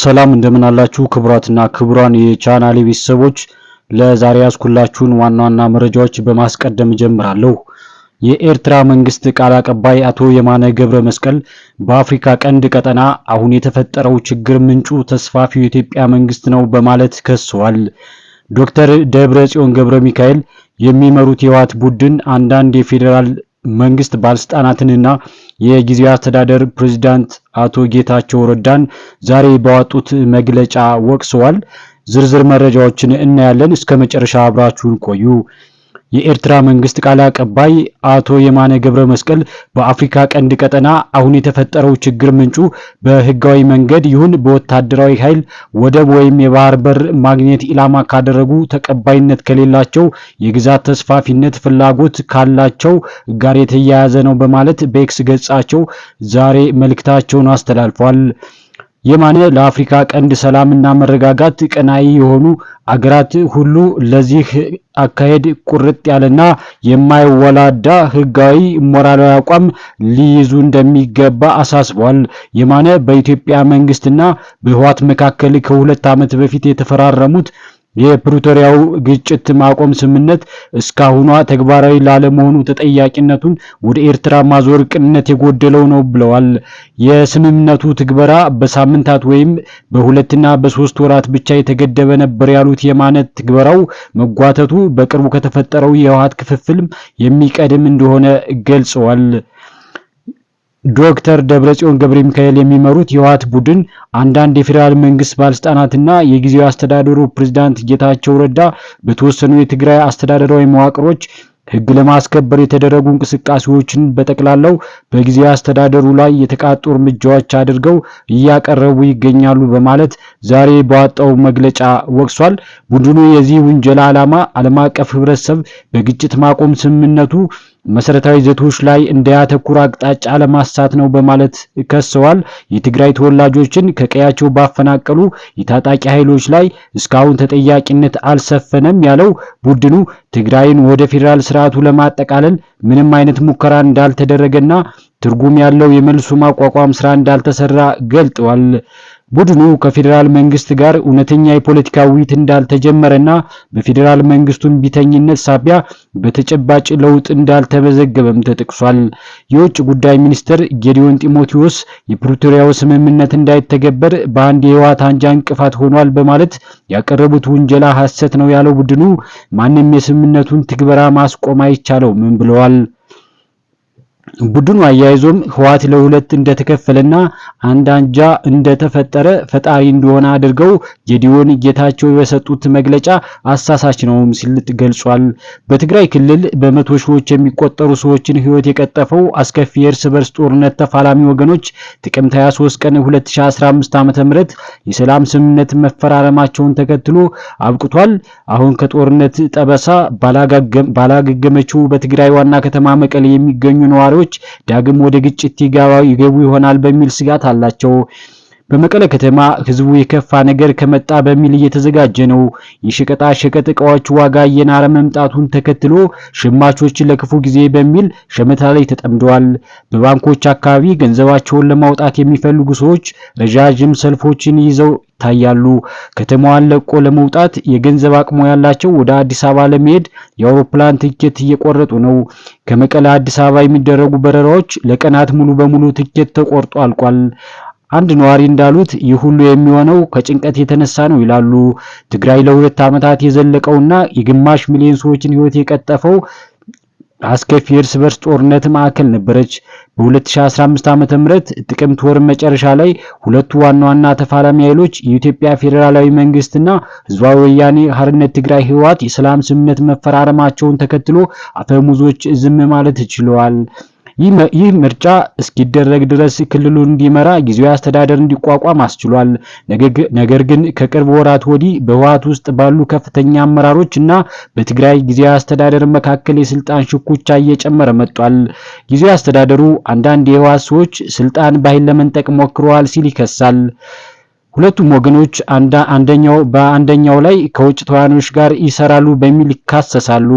ሰላም እንደምን አላችሁ ክቡራትና ክቡራን የቻናሌ ቤተሰቦች፣ ለዛሬ ያስኩላችሁን ዋና ዋና መረጃዎች በማስቀደም ጀምራለሁ። የኤርትራ መንግስት ቃል አቀባይ አቶ የማነ ገብረ መስቀል በአፍሪካ ቀንድ ቀጠና አሁን የተፈጠረው ችግር ምንጩ ተስፋፊው የኢትዮጵያ መንግስት ነው በማለት ከሰዋል። ዶክተር ደብረ ጽዮን ገብረ ሚካኤል የሚመሩት የህወሓት ቡድን አንዳንድ የፌዴራል መንግስት ባለስልጣናትንና የጊዜያዊ አስተዳደር ፕሬዚዳንት አቶ ጌታቸው ረዳን ዛሬ ባወጡት መግለጫ ወቅሰዋል። ዝርዝር መረጃዎችን እናያለን። እስከ መጨረሻ አብራችሁን ቆዩ። የኤርትራ መንግስት ቃል አቀባይ አቶ የማነ ገብረ መስቀል በአፍሪካ ቀንድ ቀጠና አሁን የተፈጠረው ችግር ምንጩ በህጋዊ መንገድ ይሁን በወታደራዊ ኃይል ወደብ ወይም የባህር በር ማግኘት ኢላማ ካደረጉ ተቀባይነት ከሌላቸው የግዛት ተስፋፊነት ፍላጎት ካላቸው ጋር የተያያዘ ነው በማለት በኤክስ ገጻቸው ዛሬ መልእክታቸውን አስተላልፏል። የማነ ለአፍሪካ ቀንድ ሰላምና መረጋጋት ቀናይ የሆኑ አገራት ሁሉ ለዚህ አካሄድ ቁርጥ ያለና የማይወላዳ ህጋዊ ሞራላዊ አቋም ሊይዙ እንደሚገባ አሳስቧል። የማነ በኢትዮጵያ መንግስትና በህወሓት መካከል ከሁለት ዓመት በፊት የተፈራረሙት የፕሪቶሪያው ግጭት ማቆም ስምምነት እስካሁኗ ተግባራዊ ላለመሆኑ ተጠያቂነቱን ወደ ኤርትራ ማዞር ቅንነት የጎደለው ነው ብለዋል። የስምምነቱ ትግበራ በሳምንታት ወይም በሁለትና በሶስት ወራት ብቻ የተገደበ ነበር ያሉት የማነት ትግበራው መጓተቱ በቅርቡ ከተፈጠረው የህወሓት ክፍፍልም የሚቀድም እንደሆነ ገልጸዋል። ዶክተር ደብረጽዮን ገብረ ሚካኤል የሚመሩት የህወሓት ቡድን አንዳንድ የፌዴራል መንግስት ባለስልጣናትና የጊዜያዊ አስተዳደሩ ፕሬዝዳንት ጌታቸው ረዳ በተወሰኑ የትግራይ አስተዳደራዊ መዋቅሮች ህግ ለማስከበር የተደረጉ እንቅስቃሴዎችን በጠቅላላው በጊዜያዊ አስተዳደሩ ላይ የተቃጡ እርምጃዎች አድርገው እያቀረቡ ይገኛሉ በማለት ዛሬ በወጣው መግለጫ ወቅሷል። ቡድኑ የዚህ ውንጀላ ዓላማ ዓለም አቀፍ ህብረተሰብ በግጭት ማቆም ስምምነቱ መሰረታዊ ይዘቶች ላይ እንዳያተኩር አቅጣጫ ለማሳት ነው በማለት ከሰዋል። የትግራይ ተወላጆችን ከቀያቸው ባፈናቀሉ የታጣቂ ኃይሎች ላይ እስካሁን ተጠያቂነት አልሰፈነም ያለው ቡድኑ ትግራይን ወደ ፌዴራል ስርዓቱ ለማጠቃለል ምንም አይነት ሙከራ እንዳልተደረገና ትርጉም ያለው የመልሶ ማቋቋም ስራ እንዳልተሰራ ገልጠዋል። ቡድኑ ከፌዴራል መንግስት ጋር እውነተኛ የፖለቲካ ውይይት እንዳልተጀመረና በፌዴራል መንግስቱን ቢተኝነት ሳቢያ በተጨባጭ ለውጥ እንዳልተመዘገበም ተጠቅሷል። የውጭ ጉዳይ ሚኒስትር ጌዲዮን ጢሞቴዎስ የፕሪቶሪያው ስምምነት እንዳይተገበር በአንድ የህወሓት አንጃ እንቅፋት ሆኗል በማለት ያቀረቡት ውንጀላ ሐሰት ነው ያለው ቡድኑ ማንም የስምምነቱን ትግበራ ማስቆም አይቻለውም ብለዋል። ቡድኑ አያይዞም ህወሓት ለሁለት እንደተከፈለና አንድ አንጃ እንደተፈጠረ ፈጣሪ እንደሆነ አድርገው ጌዲዮን ጌታቸው የሰጡት መግለጫ አሳሳች ነውም ሲል ገልጿል። በትግራይ ክልል በመቶ ሺዎች የሚቆጠሩ ሰዎችን ህይወት የቀጠፈው አስከፊ የእርስ በርስ ጦርነት ተፋላሚ ወገኖች ጥቅምት 23 ቀን 2015 ዓ.ም የሰላም ስምምነት መፈራረማቸውን ተከትሎ አብቅቷል። አሁን ከጦርነት ጠበሳ ባላገገመችው በትግራይ ዋና ከተማ መቀሌ የሚገኙ ነዋሪዎች ዳግም ወደ ግጭት ይገቡ ይሆናል በሚል ስጋት አላቸው። በመቀለ ከተማ ህዝቡ የከፋ ነገር ከመጣ በሚል እየተዘጋጀ ነው። የሸቀጣ ሸቀጥ እቃዎች ዋጋ እየናረ መምጣቱን ተከትሎ ሸማቾች ለክፉ ጊዜ በሚል ሸመታ ላይ ተጠምደዋል። በባንኮች አካባቢ ገንዘባቸውን ለማውጣት የሚፈልጉ ሰዎች ረዣዥም ሰልፎችን ይዘው ይታያሉ። ከተማዋን ለቆ ለመውጣት የገንዘብ አቅሞ ያላቸው ወደ አዲስ አበባ ለመሄድ የአውሮፕላን ትኬት እየቆረጡ ነው። ከመቀለ አዲስ አበባ የሚደረጉ በረራዎች ለቀናት ሙሉ በሙሉ ትኬት ተቆርጦ አልቋል። አንድ ነዋሪ እንዳሉት ይህ ሁሉ የሚሆነው ከጭንቀት የተነሳ ነው ይላሉ። ትግራይ ለሁለት ዓመታት የዘለቀውና የግማሽ ሚሊዮን ሰዎችን ሕይወት የቀጠፈው አስከፊ እርስ በርስ ጦርነት ማዕከል ነበረች። በ2015 ዓ.ም ጥቅምት ወር መጨረሻ ላይ ሁለቱ ዋና ዋና ተፋላሚ ኃይሎች የኢትዮጵያ ፌዴራላዊ መንግስትና ህዝባዊ ወያኔ ሀርነት ትግራይ ህወሓት የሰላም ስምምነት መፈራረማቸውን ተከትሎ አፈሙዞች ዝም ማለት ችለዋል። ይህ ምርጫ እስኪደረግ ድረስ ክልሉን እንዲመራ ጊዜያዊ አስተዳደር እንዲቋቋም አስችሏል። ነገር ግን ከቅርብ ወራት ወዲህ በህወሓት ውስጥ ባሉ ከፍተኛ አመራሮች እና በትግራይ ጊዜያዊ አስተዳደር መካከል የስልጣን ሽኩቻ እየጨመረ መጥቷል። ጊዜያዊ አስተዳደሩ አንዳንድ የህወሓት ሰዎች ስልጣን በኃይል ለመንጠቅ ሞክረዋል ሲል ይከሳል። ሁለቱም ወገኖች አንደኛው በአንደኛው ላይ ከውጭ ተዋናዮች ጋር ይሰራሉ በሚል ይካሰሳሉ።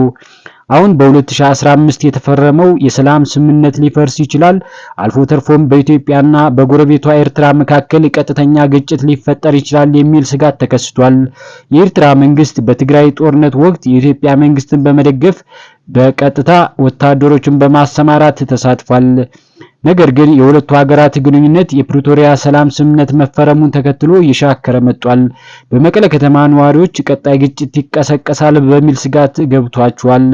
አሁን በ2015 የተፈረመው የሰላም ስምምነት ሊፈርስ ይችላል። አልፎ ተርፎም በኢትዮጵያና በጎረቤቷ ኤርትራ መካከል ቀጥተኛ ግጭት ሊፈጠር ይችላል የሚል ስጋት ተከስቷል። የኤርትራ መንግስት በትግራይ ጦርነት ወቅት የኢትዮጵያ መንግስትን በመደገፍ በቀጥታ ወታደሮችን በማሰማራት ተሳትፏል። ነገር ግን የሁለቱ ሀገራት ግንኙነት የፕሪቶሪያ ሰላም ስምምነት መፈረሙን ተከትሎ እየሻከረ መጥቷል። በመቀለ ከተማ ነዋሪዎች ቀጣይ ግጭት ይቀሰቀሳል በሚል ስጋት ገብቷቸዋል።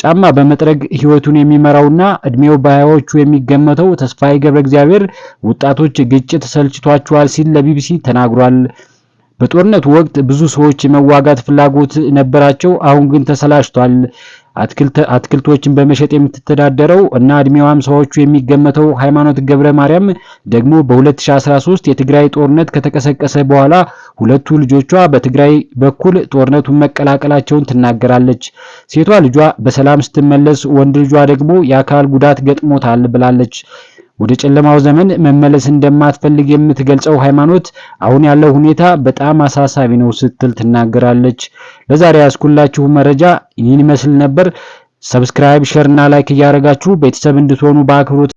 ጫማ በመጥረግ ሕይወቱን የሚመራውና እድሜው በሃያዎቹ የሚገመተው ተስፋዬ ገብረ እግዚአብሔር ወጣቶች ግጭት ሰልችቷቸዋል ሲል ለቢቢሲ ተናግሯል። በጦርነቱ ወቅት ብዙ ሰዎች የመዋጋት ፍላጎት ነበራቸው፣ አሁን ግን ተሰላችቷል። አትክልቶችን በመሸጥ የምትተዳደረው እና እድሜዋም ሰዎቹ የሚገመተው ሃይማኖት ገብረ ማርያም ደግሞ በ2013 የትግራይ ጦርነት ከተቀሰቀሰ በኋላ ሁለቱ ልጆቿ በትግራይ በኩል ጦርነቱን መቀላቀላቸውን ትናገራለች። ሴቷ ልጇ በሰላም ስትመለስ፣ ወንድ ልጇ ደግሞ የአካል ጉዳት ገጥሞታል ብላለች። ወደ ጨለማው ዘመን መመለስ እንደማትፈልግ የምትገልጸው ሃይማኖት አሁን ያለው ሁኔታ በጣም አሳሳቢ ነው ስትል ትናገራለች። ለዛሬ ያስኩላችሁ መረጃ ይህን ይመስል ነበር። ሰብስክራይብ፣ ሼር እና ላይክ እያደረጋችሁ ቤተሰብ እንድትሆኑ በአክብሮት